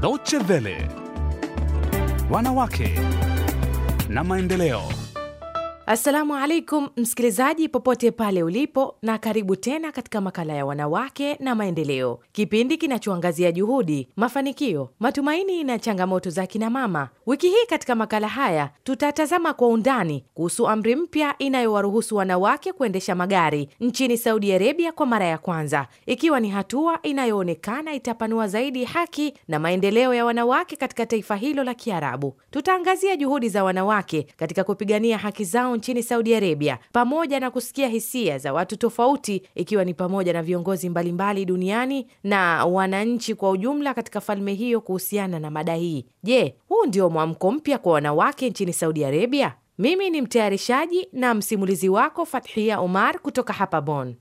Deutsche Welle, wanawake na maendeleo. Assalamu alaikum msikilizaji, popote pale ulipo, na karibu tena katika makala ya wanawake na maendeleo, kipindi kinachoangazia juhudi, mafanikio, matumaini na changamoto za kinamama. Wiki hii katika makala haya tutatazama kwa undani kuhusu amri mpya inayowaruhusu wanawake kuendesha magari nchini Saudi Arabia kwa mara ya kwanza, ikiwa ni hatua inayoonekana itapanua zaidi haki na maendeleo ya wanawake katika taifa hilo la Kiarabu. Tutaangazia juhudi za wanawake katika kupigania haki zao nchini Saudi Arabia, pamoja na kusikia hisia za watu tofauti, ikiwa ni pamoja na viongozi mbalimbali duniani na wananchi kwa ujumla katika falme hiyo kuhusiana na mada hii. Je, huu ndio mwamko mpya kwa wanawake nchini Saudi Arabia? Mimi ni mtayarishaji na msimulizi wako Fathia Omar kutoka hapa Bonn.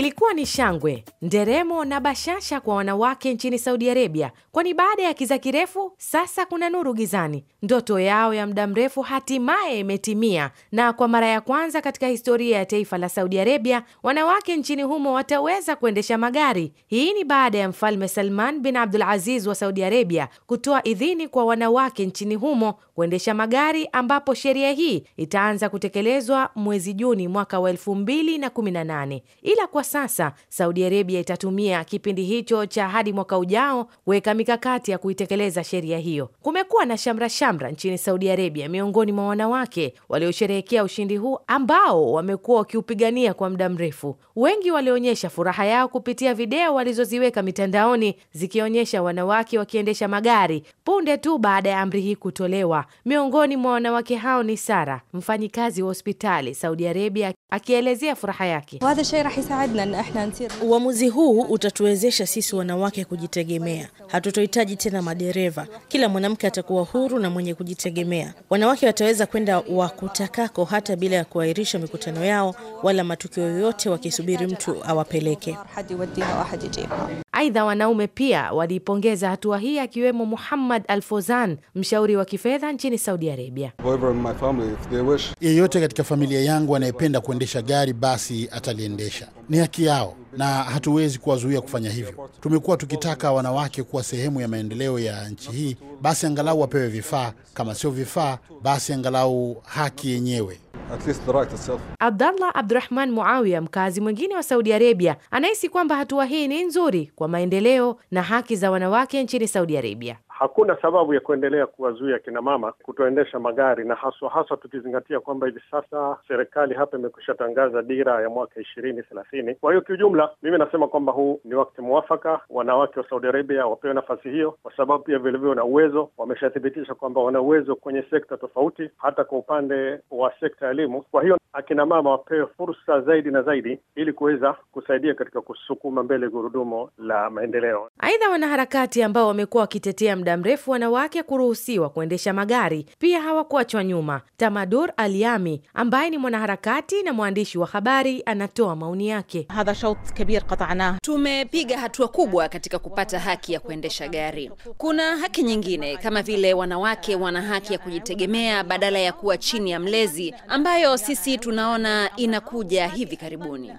Ele Ilikuwa ni shangwe, nderemo na bashasha kwa wanawake nchini Saudi Arabia, kwani baada ya kiza kirefu sasa kuna nuru gizani. Ndoto yao ya muda mrefu hatimaye imetimia, na kwa mara ya kwanza katika historia ya taifa la Saudi Arabia, wanawake nchini humo wataweza kuendesha magari. Hii ni baada ya Mfalme Salman bin Abdul Aziz wa Saudi Arabia kutoa idhini kwa wanawake nchini humo kuendesha magari, ambapo sheria hii itaanza kutekelezwa mwezi Juni mwaka wa ila kwa sasa sasa Saudi Arabia itatumia kipindi hicho cha hadi mwaka ujao kuweka mikakati ya kuitekeleza sheria hiyo. Kumekuwa na shamra shamra nchini Saudi Arabia miongoni mwa wanawake waliosherehekea ushindi huu ambao wamekuwa wakiupigania kwa muda mrefu. Wengi walionyesha furaha yao kupitia video walizoziweka mitandaoni zikionyesha wanawake wakiendesha magari punde tu baada ya amri hii kutolewa. Miongoni mwa wanawake hao ni Sara, mfanyikazi wa hospitali Saudi Arabia akielezea furaha yake. Uamuzi huu utatuwezesha sisi wanawake kujitegemea. Hatutohitaji tena madereva, kila mwanamke atakuwa huru na mwenye kujitegemea. Wanawake wataweza kwenda wakutakako hata bila ya kuahirisha mikutano yao wala matukio yoyote wakisubiri mtu awapeleke. Aidha, wanaume pia waliipongeza hatua hii, akiwemo Muhammad Alfozan, mshauri wa kifedha nchini Saudi Arabia. Yeyote katika familia yangu anayependa kuendesha gari basi ataliendesha, ni haki yao na hatuwezi kuwazuia kufanya hivyo. Tumekuwa tukitaka wanawake kuwa sehemu ya maendeleo ya nchi hii, basi angalau wapewe vifaa, kama sio vifaa, basi angalau haki yenyewe. Abdallah Abdurahman muawia mkazi mwingine wa Saudi Arabia, anahisi kwamba hatua hii ni nzuri kwa maendeleo na haki za wanawake nchini Saudi Arabia hakuna sababu ya kuendelea kuwazuia kina mama kutoendesha magari, na haswa haswa tukizingatia kwamba hivi sasa serikali hapa imekwisha tangaza dira ya mwaka ishirini thelathini. Kwa hiyo kiujumla, mimi nasema kwamba huu ni wakati mwafaka, wanawake wa Saudi Arabia wapewe nafasi hiyo, kwa sababu pia vilevile wana uwezo, wameshathibitisha kwamba wana uwezo kwenye sekta tofauti, hata kwa upande wa sekta ya elimu. Kwa hiyo akina mama wapewe fursa zaidi na zaidi, ili kuweza kusaidia katika kusukuma mbele gurudumu la maendeleo. Aidha, wanaharakati ambao wamekuwa wakitetea muda mrefu wanawake kuruhusiwa kuendesha magari pia hawakuachwa nyuma. Tamadur Aliami ambaye ni mwanaharakati na mwandishi wa habari anatoa maoni yake. Tumepiga hatua kubwa katika kupata haki ya kuendesha gari. Kuna haki nyingine kama vile wanawake wana haki ya kujitegemea badala ya kuwa chini ya mlezi, ambayo sisi tunaona inakuja hivi karibuni.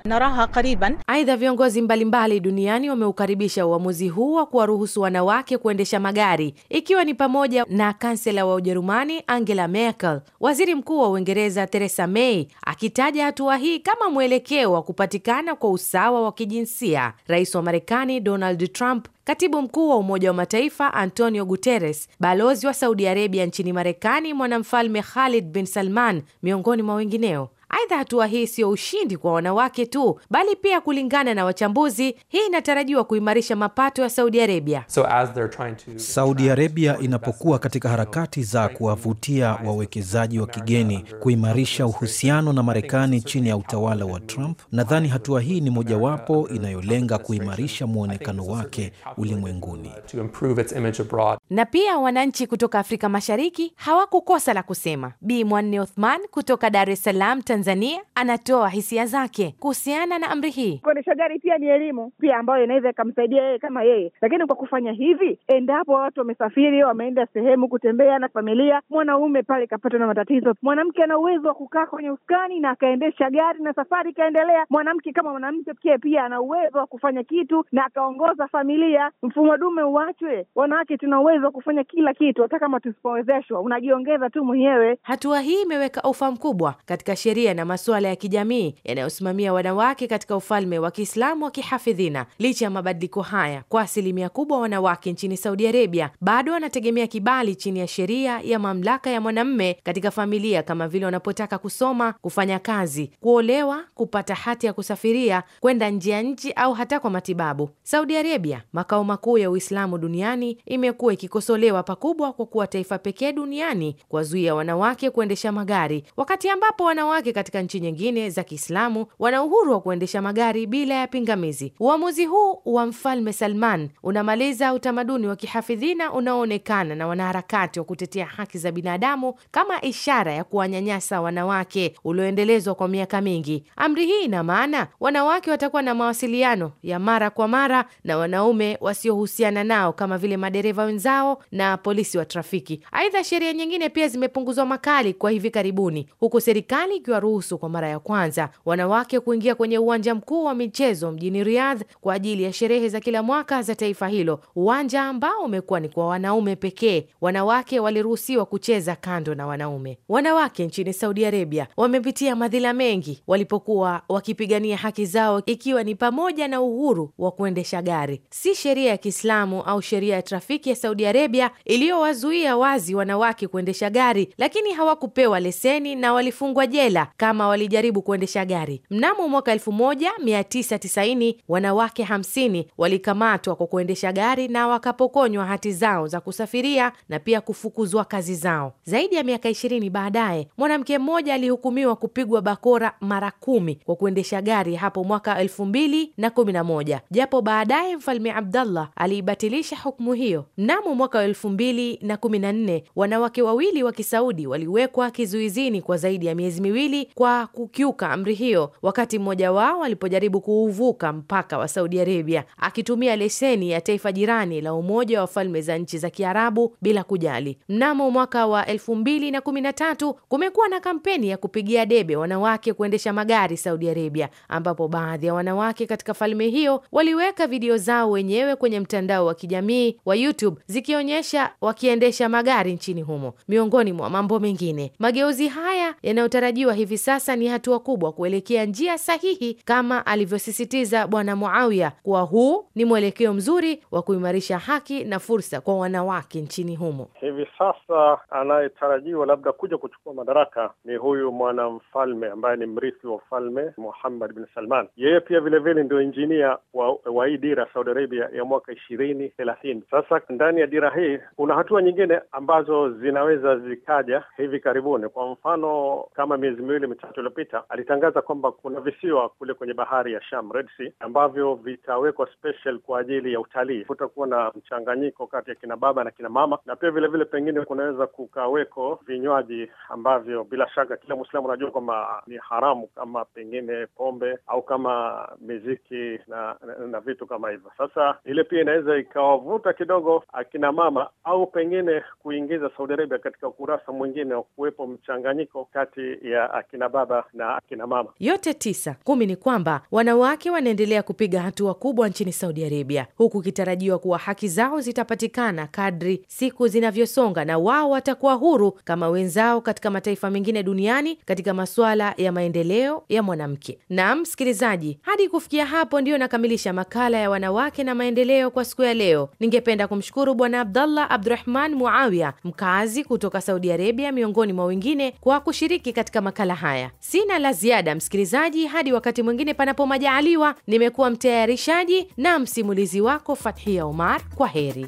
Aidha, viongozi mbalimbali duniani wameukaribisha uamuzi huu wa kuwaruhusu wanawake kuendesha magari habari ikiwa ni pamoja na kansela wa Ujerumani Angela Merkel, waziri mkuu wa Uingereza Theresa May akitaja hatua hii kama mwelekeo wa kupatikana kwa usawa wa kijinsia, rais wa Marekani Donald Trump Katibu mkuu wa Umoja wa Mataifa Antonio Guterres, balozi wa Saudi Arabia nchini Marekani mwanamfalme Khalid bin Salman, miongoni mwa wengineo. Aidha, hatua hii siyo ushindi kwa wanawake tu, bali pia, kulingana na wachambuzi, hii inatarajiwa kuimarisha mapato ya Saudi Arabia. So as they're trying to... Saudi Arabia inapokuwa katika harakati za kuwavutia wawekezaji wa kigeni, kuimarisha uhusiano na Marekani chini ya utawala wa Trump, nadhani hatua hii ni uh, mojawapo inayolenga kuimarisha mwonekano wake ulimwenguni. Uh, na pia wananchi kutoka Afrika Mashariki hawakukosa la kusema. Bi Mwanne Othman kutoka Dar es Salaam, Tanzania. Tanzania anatoa hisia zake kuhusiana na amri hii. Kuendesha gari pia ni elimu pia ambayo inaweza ikamsaidia yeye kama yeye, lakini kwa kufanya hivi, endapo watu wamesafiri, wameenda sehemu kutembea na familia, mwanaume pale ikapatwa na matatizo, mwanamke ana uwezo wa kukaa kwenye usukani na akaendesha gari na safari ikaendelea. Mwanamke kama mwanamke pia ana uwezo wa kufanya kitu na akaongoza familia. Mfumo dume uachwe, wanawake tuna uwezo wa kufanya kila kitu, hata kama tusipowezeshwa, unajiongeza tu mwenyewe. Hatua hii imeweka ufa mkubwa katika sheria sheria na masuala ya kijamii yanayosimamia wanawake katika ufalme wa Kiislamu wa kihafidhina. Licha ya mabadiliko haya, kwa asilimia kubwa wanawake nchini Saudi Arabia bado wanategemea kibali chini ya sheria ya mamlaka ya mwanamme katika familia, kama vile wanapotaka kusoma, kufanya kazi, kuolewa, kupata hati ya kusafiria kwenda nje ya nchi au hata kwa matibabu. Saudi Arabia, makao makuu ya Uislamu duniani, imekuwa ikikosolewa pakubwa kwa kuwa taifa pekee duniani kuwazuia wanawake kuendesha magari, wakati ambapo wanawake katika nchi nyingine za Kiislamu wana uhuru wa kuendesha magari bila ya pingamizi. Uamuzi huu wa Mfalme Salman unamaliza utamaduni wa kihafidhina unaoonekana na wanaharakati wa kutetea haki za binadamu kama ishara ya kuwanyanyasa wanawake ulioendelezwa kwa miaka mingi. Amri hii ina maana wanawake watakuwa na mawasiliano ya mara kwa mara na wanaume wasiohusiana nao kama vile madereva wenzao na polisi wa trafiki. Aidha, sheria nyingine pia zimepunguzwa makali kwa hivi karibuni, huku serikali ikiwaru kuruhusu kwa mara ya kwanza wanawake kuingia kwenye uwanja mkuu wa michezo mjini riadh kwa ajili ya sherehe za kila mwaka za taifa hilo, uwanja ambao umekuwa ni kwa wanaume pekee. Wanawake waliruhusiwa kucheza kando na wanaume. Wanawake nchini Saudi Arabia wamepitia madhila mengi walipokuwa wakipigania haki zao, ikiwa ni pamoja na uhuru wa kuendesha gari. Si sheria ya Kiislamu au sheria ya trafiki ya Saudi Arabia iliyowazuia wazi wanawake kuendesha gari, lakini hawakupewa leseni na walifungwa jela kama walijaribu kuendesha gari. Mnamo mwaka 1990 wanawake 50 walikamatwa kwa kuendesha gari na wakapokonywa hati zao za kusafiria na pia kufukuzwa kazi zao. Zaidi ya miaka ishirini baadaye, mwanamke mmoja alihukumiwa kupigwa bakora mara kumi kwa kuendesha gari hapo mwaka 2011, japo baadaye Mfalme Abdallah aliibatilisha hukumu hiyo. Mnamo mwaka 2014 wanawake wawili wa Kisaudi waliwekwa kizuizini kwa zaidi ya miezi miwili kwa kukiuka amri hiyo, wakati mmoja wao alipojaribu kuuvuka mpaka wa Saudi Arabia akitumia leseni ya taifa jirani la Umoja wa Falme za Nchi za Kiarabu bila kujali. Mnamo mwaka wa elfu mbili na kumi na tatu kumekuwa na kampeni ya kupigia debe wanawake kuendesha magari Saudi Arabia, ambapo baadhi ya wanawake katika falme hiyo waliweka video zao wenyewe kwenye mtandao wa kijamii wa YouTube zikionyesha wakiendesha magari nchini humo, miongoni mwa mambo mengine. Mageuzi haya yanayotarajiwa hivi hivi sasa ni hatua kubwa kuelekea njia sahihi, kama alivyosisitiza Bwana Muawiya kuwa huu ni mwelekeo mzuri wa kuimarisha haki na fursa kwa wanawake nchini humo. Hivi sasa anayetarajiwa labda kuja kuchukua madaraka ni huyu mwanamfalme ambaye ni mrithi wa ufalme Muhammad bin Salman. Yeye pia vilevile ndio injinia wa, wa hii dira Saudi Arabia ya mwaka ishirini thelathini. Sasa ndani ya dira hii kuna hatua nyingine ambazo zinaweza zikaja hivi karibuni, kwa mfano kama miezi miwili miwili mitatu iliyopita alitangaza kwamba kuna visiwa kule kwenye bahari ya Sham, Red Sea, ambavyo vitawekwa special kwa ajili ya utalii. Kutakuwa na mchanganyiko kati ya kina baba na kina mama, na pia vile vile pengine kunaweza kukaweko vinywaji ambavyo bila shaka kila Mwislamu anajua kwamba ni haramu, kama pengine pombe au kama miziki na, na, na vitu kama hivyo. Sasa ile pia inaweza ikawavuta kidogo akina mama au pengine kuingiza Saudi Arabia katika ukurasa mwingine wa kuwepo mchanganyiko kati ya akina baba na akina mama. Yote tisa kumi ni kwamba wanawake wanaendelea kupiga hatua kubwa nchini Saudi Arabia, huku ikitarajiwa kuwa haki zao zitapatikana kadri siku zinavyosonga na wao watakuwa huru kama wenzao katika mataifa mengine duniani katika masuala ya maendeleo ya mwanamke. Na msikilizaji, hadi kufikia hapo ndiyo nakamilisha makala ya wanawake na maendeleo kwa siku ya leo. Ningependa kumshukuru Bwana abdullah Abdurahman Muawia, mkazi kutoka Saudi Arabia, miongoni mwa wengine kwa kushiriki katika makala haya. Sina la ziada, msikilizaji, hadi wakati mwingine panapo majaaliwa Nimekuwa mtayarishaji na msimulizi wako Fathia Omar. Kwa heri.